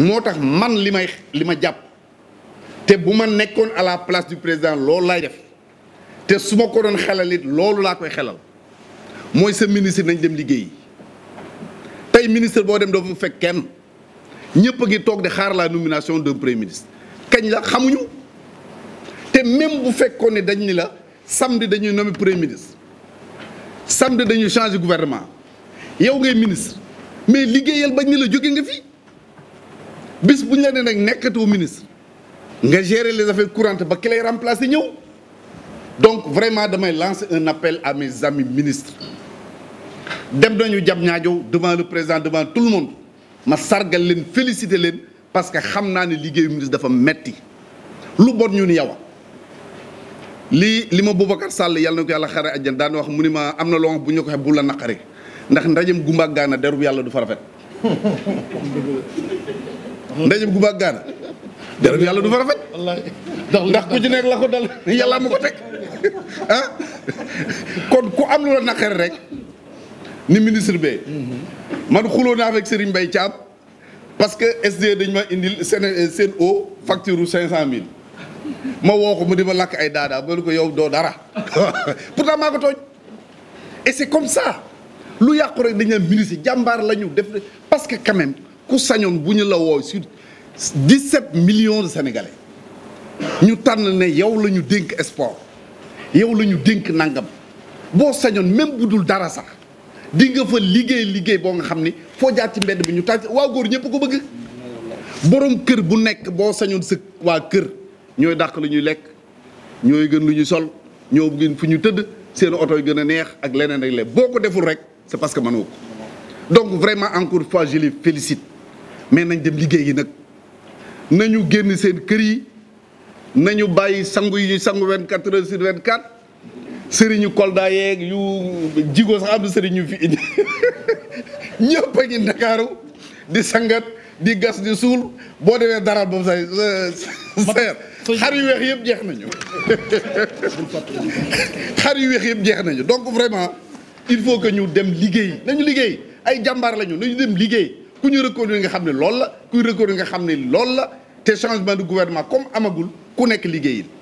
moo tax man li may li ma jàpp te bu ma nekkoon à la place du président loolu laay def te su ma ko doon xelal loolu laa koy xelal mooy sa ministre nañ dem liggéey tey ministre boo dem doo fa fekk kenn ñëpp a ngi toog di xaar la nomination de premier ministre kañ la xamuñu te même bu fekkoon ni dañ ni la samedi dañuy nommer premier ministre samedi dañuy changer gouvernement yow ngay ministre mais liggéeyal bañ ni la jóge nga fi. bis bu ñu la nee nag nekkatoo ministre nga gérer les affaires courantes ba ki lay remplacer ñëw donc vraiment damay lancer un appel à mes amis ministres dem nañu jam ñaajow devant le président devant tout le monde ma sargal leen féliciter leen parce que xam naa ne liggéeyu ministre dafa metti lu bon ñu ni yow lii li ma Boubacar Sall yàlla na ko yàlla xare ajjan daan wax mu ni ma am na loo wax bu ñu ko xeeb bu la naqare ndax ndajem gumba gaana derub yàlla du fa rafet ndaje bu Gouba ak Ghana yàlla du fa rafet. ndax ku ci nekk la ko dal yàlla mu ko teg ah. kon ku am lu la naqari rek ni ministre bee. man xuloo naa fekk Serigne Mbaye Thiam parce que SDE dañ ma indil seen seen eau facture ru 500000 ma woo ko mu di ma lakk ay daadaa ba lu ko yow doo dara pourtant maa ko tooñ et c'est comme ça. lu yàqu rek dañu naan ministre jàmbaar la ñu def parce que quand même ku sañoon bu ñu la woow sur 17 millions de sénégalais ñu tànn ne yow lañu ñu dénk sport yow la ñu dénk nangam boo sañoon même bu dul dara sax di nga fa liggéey liggéey boo nga xam ni foo jaar ci mbedd bi ñu tàcc waa góor ñëpp ko bëgg. boroom kër bu nekk boo sañoon sa waa kër ñooy dàq lu ñuy lekk ñooy gën lu ñu sol ñoo gën fu ñu tëdd seen oto yi gën a neex ak leneen ak leneen boo ko deful rek. c'est parce que mënoo ko donc vraiment encore une fois je les félicite mais nañ dem liggéey yi nag nañu génn seen kër yi nañu bàyyi sangu yi ñuy sangu 24 heures sur 24 sëriñu Kolda yeeg yu jigo sax am na ñu fi indi ñëpp a ngi Ndakaaru di sangat di gas di suul boo demee dara boobu say euh, seer xar yu weex yëpp jeex nañu xar yu weex yëpp jeex nañu donc vraiment il faut que ñu dem liggéey nañu liggéey ay jàmbaar lañu nañu dem liggéey ku ñu reconduire nga xam ne loolu la ku ñu reconduire nga xam ne loolu la te changement de gouvernement comme amagul ku nekk liggéeyil